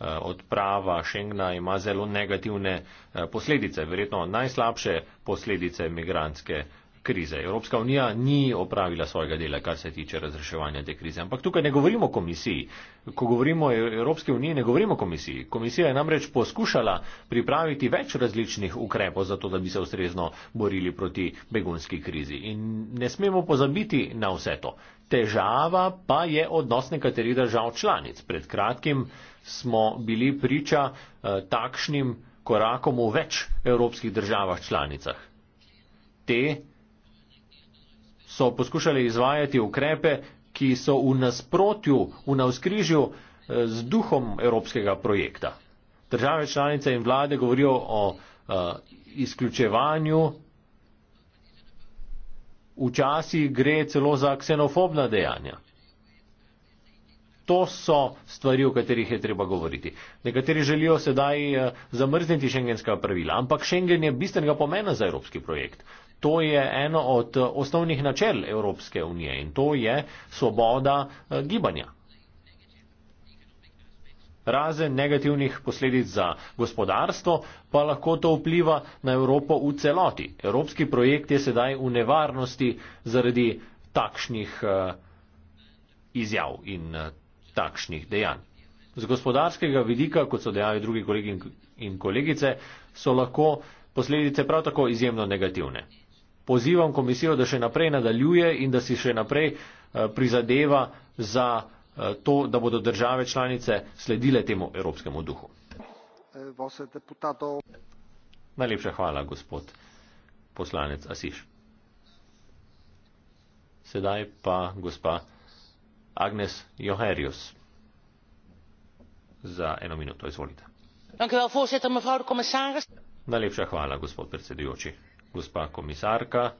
Eh, odprava Schengna ima zelo negativne eh, posledice, verjetno najslabše posledice migranske krize. Evropska unija ni opravila svojega dela, kar se tiče razreševanja te krize. Ampak tukaj ne govorimo o komisiji. Ko govorimo o Evropske unije, ne govorimo o komisiji. Komisija je namreč poskušala pripraviti več različnih ukrepov za to, da bi se ustrezno borili proti begunski krizi. In ne smemo pozabiti na vse to. Težava pa je odnos nekaterih držav članic. Pred kratkim smo bili priča eh, takšnim korakom v več evropskih državah članicah. Te so poskušali izvajati ukrepe, ki so v nasprotju, v navskrižju eh, z duhom evropskega projekta. Države članice in vlade govorijo o uh, izključevanju, včasih gre celo za ksenofobna dejanja. To so stvari, o katerih je treba govoriti. Nekateri želijo sedaj eh, zamrzniti šengenska pravila, ampak šengen je bistvenega pomena za evropski projekt. Uh, to je eno od eh, osnovnih načel Evropske unije in to je svoboda eh, gibanja. Razen negativnih posledic za gospodarstvo pa lahko to vpliva na Evropo v celoti. Evropski projekt je sedaj v nevarnosti zaradi takšnih eh, izjav in takšnih dejanj. Z gospodarskega vidika, kot so dejali drugi kolegi in kolegice, so lahko posledice prav tako izjemno negativne pozivam komisijo, da še naprej nadaljuje in da si še naprej eh, prizadeva za eh, to, da bodo države članice sledile temu evropskemu duhu. Najlepša hvala, gospod poslanec Asiš. Sedaj pa gospa Agnes Joherius. Za eno minuto, izvolite. Najlepša hvala, gospod predsedujoči gospa komisarka.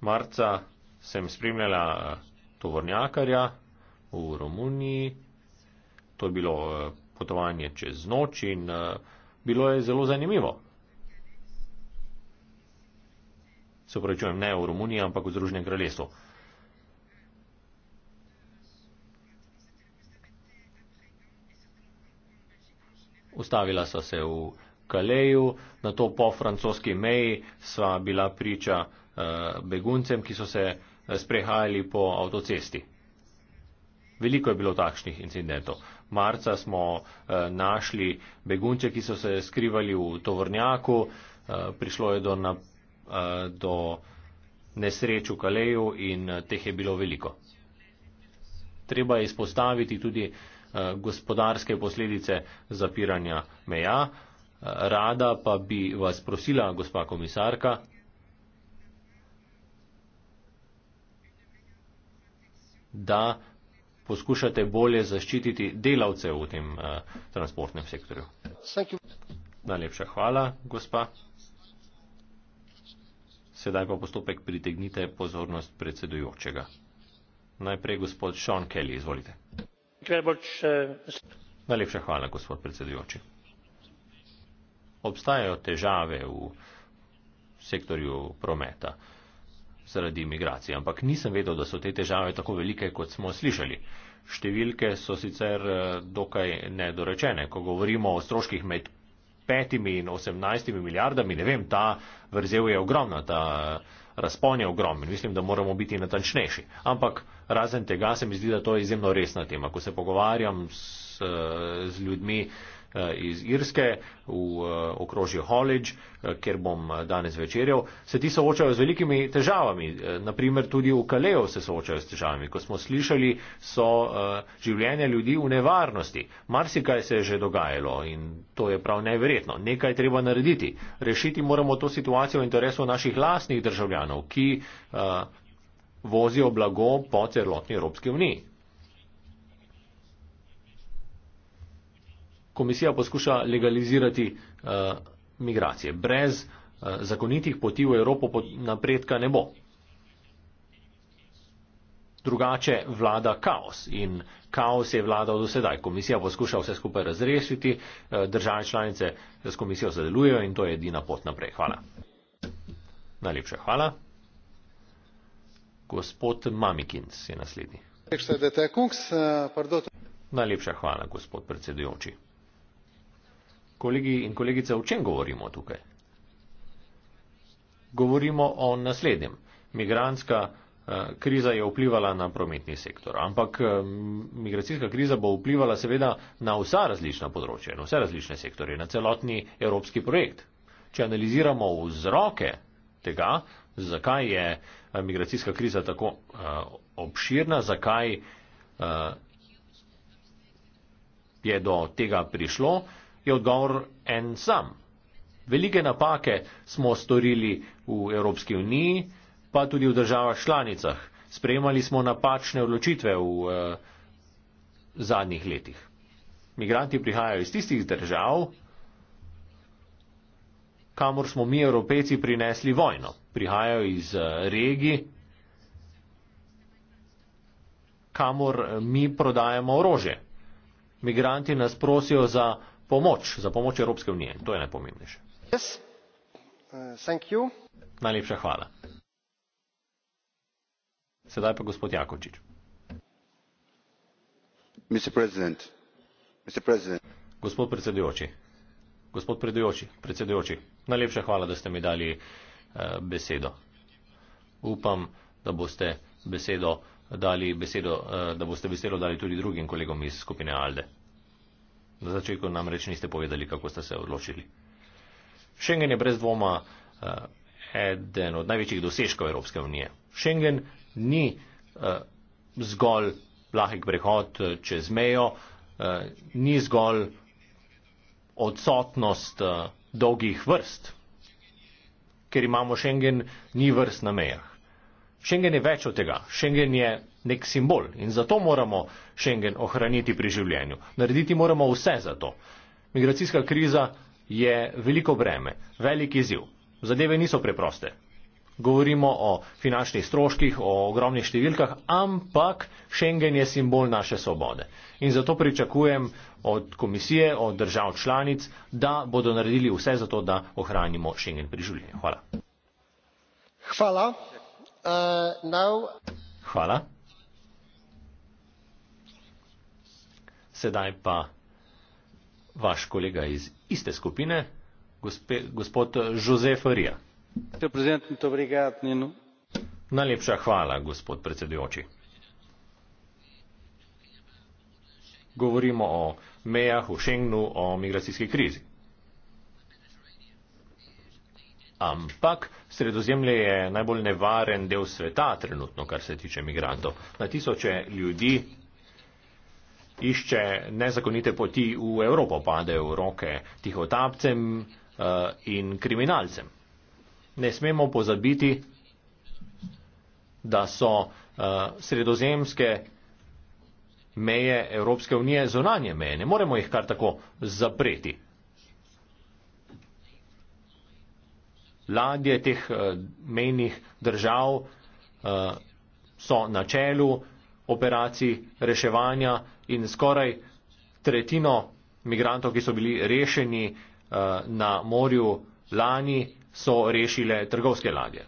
Marca sem spremljala eh, tovornjakarja v Romuniji. To je bilo eh, potovanje čez noč in eh, bilo je zelo zanimivo. Se upravičujem, ne v Romuniji, ampak v Združenem kraljestvu. Ustavila so se v Kaleju, na to po francoski meji sva bila priča eh, beguncem, ki so se eh, sprehajali po avtocesti. Veliko je bilo takšnih incidentov. Marca smo eh, našli begunče, ki so se skrivali v tovornjaku, prišlo je do, na, do nesreč v Kaleju in teh je bilo veliko. Treba je izpostaviti tudi gospodarske posledice zapiranja meja. Rada pa bi vas prosila, gospa komisarka, da poskušate bolje zaščititi delavce v tem uh, transportnem sektorju. Najlepša hvala, gospa. Sedaj pa postopek pritegnite pozornost predsedujočega. Najprej gospod Sean Kelly, izvolite. Najlepša hvala, gospod predsedujoči obstajajo težave v sektorju prometa zaradi imigracije, ampak nisem vedel, da so te težave tako velike, kot smo slišali. Številke so sicer eh, dokaj nedorečene. Ko govorimo o stroških med 5 in 18 milijardami, ne vem, ta vrzel je ogromna, ta eh, razpon je ogromen. Mislim, da moramo biti natančnejši. Ampak razen tega se mi zdi, da to je izjemno resna tema. Ko se pogovarjam s, eh, z ljudmi, uh, Eh, iz Irske v eh, okrožje Holidž, eh, kjer bom danes večerjal, se ti soočajo z velikimi težavami. Naprimer tudi v Kalejo se soočajo s težavami. Ko smo slišali, so življenja ljudi v nevarnosti. Marsikaj se je že dogajalo in to je prav neverjetno. Nekaj je treba narediti. Rešiti moramo to situacijo v interesu naših lastnih državljanov, ki vozijo blago po celotni Evropski uniji. komisija poskuša legalizirati uh, migracije. Brez uh, zakonitih poti v Evropo napredka ne bo. Drugače vlada kaos in kaos je vladal do sedaj. Komisija poskuša vse skupaj razrešiti, eh, države članice s komisijo sodelujejo in to je edina pot naprej. Hvala. Najlepša hvala. Gospod Mamikins je naslednji. Najlepša hvala, gospod predsedujoči. Kolegi in kolegice, o čem govorimo tukaj? Govorimo o naslednjem. Migranska eh, kriza je vplivala na prometni sektor, ampak eh, migracijska kriza bo vplivala seveda na vsa različna področja, na vse različne sektorje, na celotni evropski projekt. Če analiziramo vzroke tega, zakaj je eh, migracijska kriza tako obširna, zakaj je do tega prišlo, je odgovor en sam. Velike napake smo storili v Evropski uniji, pa tudi v državah članicah. Sprejemali smo napačne odločitve v eh, zadnjih letih. Migranti prihajajo iz tistih držav, kamor smo mi, Evropejci, prinesli vojno. Prihajajo iz eh, regij, kamor eh, mi prodajemo orože. Migranti nas prosijo za pomoč, za pomoč Evropske unije. To je najpomembnejše.
Yes. Uh,
Najlepša hvala. Sedaj pa gospod Jakovčič. Mr. President. Mr. President. Gospod predsedujoči, gospod predsedujoči, predsedujoči, najlepša hvala, da ste mi dali uh, besedo. Upam, da boste besedo dali, besedo, uh, da boste besedo dali tudi drugim kolegom iz skupine Alde. Na začetku nam reč niste povedali, kako ste se odločili. Schengen je brez dvoma uh, eden od največjih dosežkov Evropske unije. Schengen ni uh, zgolj lahek prehod eh, čez mejo, uh, ni zgolj odsotnost uh, dolgih vrst, ker imamo Schengen, ni vrst na mejah. Schengen je več od tega. Schengen je nek simbol in zato moramo Schengen ohraniti pri življenju. Narediti moramo vse za to. Migracijska kriza je veliko breme, velik izziv. Zadeve niso preproste. Govorimo o finančnih stroških, o ogromnih številkah, ampak Schengen je simbol naše svobode. In zato pričakujem od komisije, od držav članic, da bodo naredili vse za to, da ohranimo Schengen pri življenju. Hvala.
Hvala. Uh, now...
Hvala. Sedaj pa vaš kolega iz iste skupine, gospe, gospod Jozef Rija. Najlepša hvala, gospod predsedujoči. Govorimo o mejah v Schengnu, o migracijski krizi. Ampak sredozemlje je najbolj nevaren del sveta trenutno, kar se tiče migrantov. Na tisoče ljudi išče nezakonite poti v Evropo, padejo v roke tihotapcem eh, in kriminalcem. Ne smemo pozabiti, da so eh, sredozemske meje Evropske unije zonanje meje. Ne moremo jih kar tako zapreti. Ladje teh eh, mejnih držav so na čelu operacij reševanja in skoraj tretjino migrantov, ki so bili rešeni eh, na morju lani, so rešile trgovske ladje.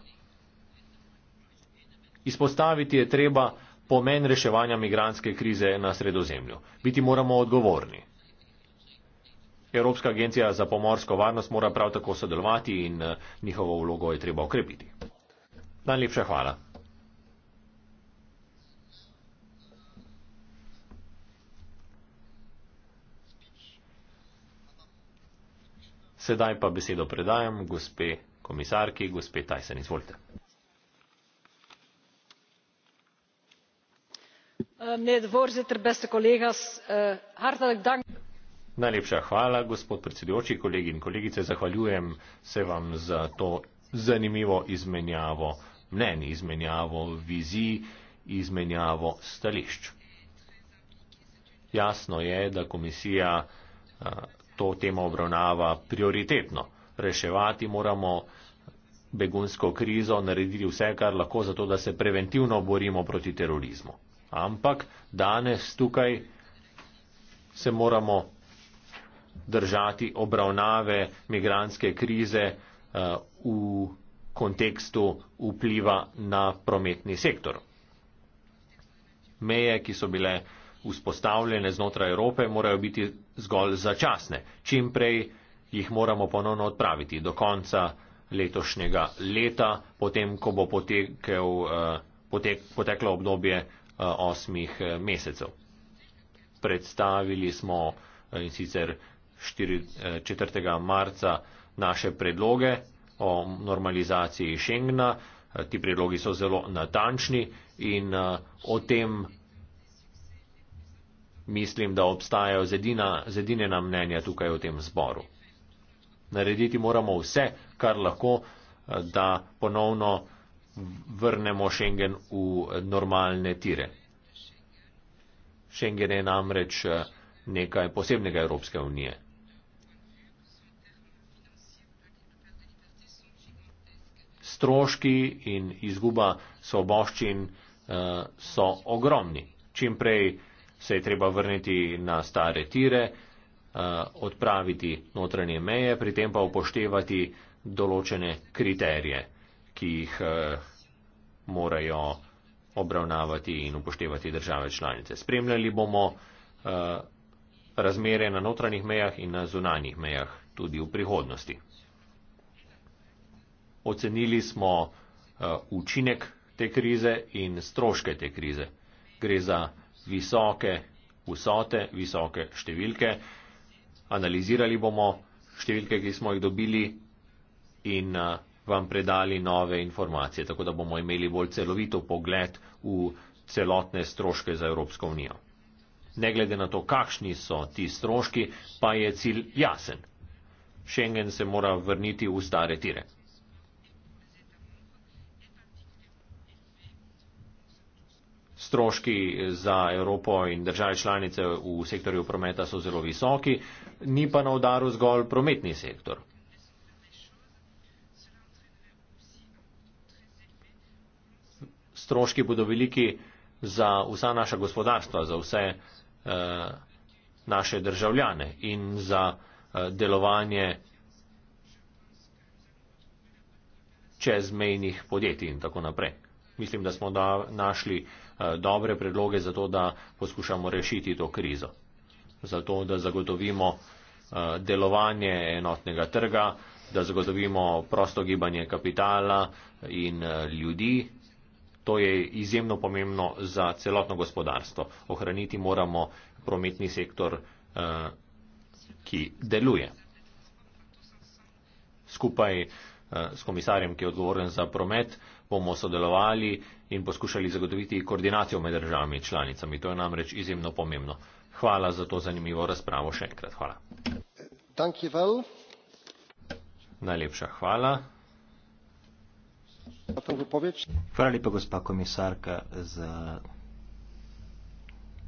Izpostaviti je treba pomen reševanja migranske krize na sredozemlju. Biti moramo odgovorni. Evropska agencija za pomorsko varnost mora prav tako sodelovati in eh, njihovo vlogo je treba okrepiti. Najlepša hvala. Sedaj pa besedo predajam gospe komisarki, gospe Tyson. Izvolite.
Eh, eh,
Najlepša hvala, gospod predsedujoči, kolegi in kolegice. Zahvaljujem se vam za to zanimivo izmenjavo mnen, izmenjavo vizij, izmenjavo stališč. Jasno je, da komisija eh, to temo obravnava prioritetno. Reševati moramo begunsko krizo, narediti vse, kar lahko, zato da se preventivno borimo proti terorizmu. Ampak danes tukaj se moramo držati obravnave migranske krize eh, v kontekstu vpliva na prometni sektor. Meje, ki so bile vzpostavljene znotraj Evrope, morajo biti zgolj začasne. Čim prej jih moramo ponovno odpraviti do konca letošnjega leta, potem, ko bo potekel, eh, potek, poteklo obdobje eh, osmih eh, mesecev. Predstavili smo in sicer 4. marca naše predloge o normalizaciji Schengna. Ti predlogi so zelo natančni in o tem Mislim, da obstajajo zedinjena mnenja tukaj v tem zboru. Narediti moramo vse, kar lahko, da ponovno vrnemo Schengen v normalne tire. Schengen je namreč eh, nekaj posebnega Evropske unije. Stroški in izguba svoboščin eh, so ogromni. Čim prej se je treba vrniti na stare tire, eh, odpraviti notranje meje, pri tem pa upoštevati določene kriterije, ki jih eh, morajo obravnavati in upoštevati države članice. Spremljali bomo eh, razmere na notranjih mejah in na zunanjih mejah tudi v prihodnosti. Ocenili smo učinek te krize in stroške te krize. Gre za visoke vsote, visoke številke. Analizirali bomo številke, ki smo jih dobili in eh, vam predali nove informacije, tako da bomo imeli bolj celovito pogled v celotne stroške za Evropsko unijo. Ne glede na to, kakšni so ti stroški, pa je cilj jasen. Schengen se mora vrniti v stare tire. stroški za Evropo in države članice v sektorju prometa so zelo visoki, ni pa na udaru zgolj prometni sektor. Stroški bodo veliki za vsa naša gospodarstva, za vse eh, naše državljane in za eh, delovanje čezmejnih podjetij in tako naprej. Mislim, da smo da našli eh, Eh, dobre predloge za to, da poskušamo rešiti to krizo. Zato, da zagotovimo eh, delovanje enotnega trga, da zagotovimo prosto gibanje kapitala in eh, ljudi. To je izjemno pomembno za celotno gospodarstvo. Ohraniti moramo prometni sektor, ki deluje. Skupaj s komisarjem, ki je odgovoren za promet, bomo sodelovali in poskušali zagotoviti koordinacijo med državami članicami. To je namreč izjemno pomembno. Hvala za to zanimivo razpravo še enkrat.
Hvala. Well. Najlepša hvala. Hvala lepa, gospa komisarka, za.